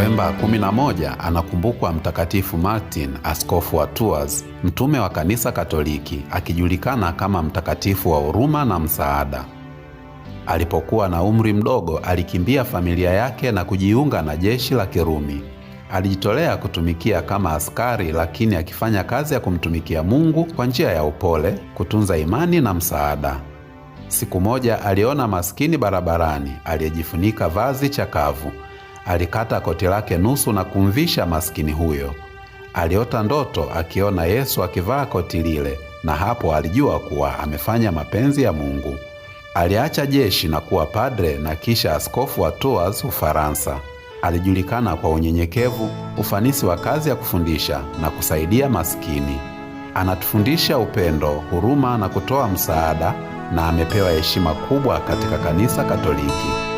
Novemba 11 anakumbukwa Mtakatifu Martin, askofu wa Tours, mtume wa Kanisa Katoliki, akijulikana kama mtakatifu wa huruma na msaada. Alipokuwa na umri mdogo, alikimbia familia yake na kujiunga na jeshi la Kirumi. Alijitolea kutumikia kama askari, lakini akifanya kazi ya kumtumikia Mungu kwa njia ya upole, kutunza imani na msaada. Siku moja aliona maskini barabarani aliyejifunika vazi chakavu Alikata koti lake nusu na kumvisha maskini huyo. Aliota ndoto akiona Yesu akivaa koti lile, na hapo alijua kuwa amefanya mapenzi ya Mungu. Aliacha jeshi na kuwa padre na kisha askofu wa Tours, Ufaransa. Alijulikana kwa unyenyekevu, ufanisi wa kazi ya kufundisha na kusaidia maskini. Anatufundisha upendo, huruma na kutoa msaada, na amepewa heshima kubwa katika Kanisa Katoliki.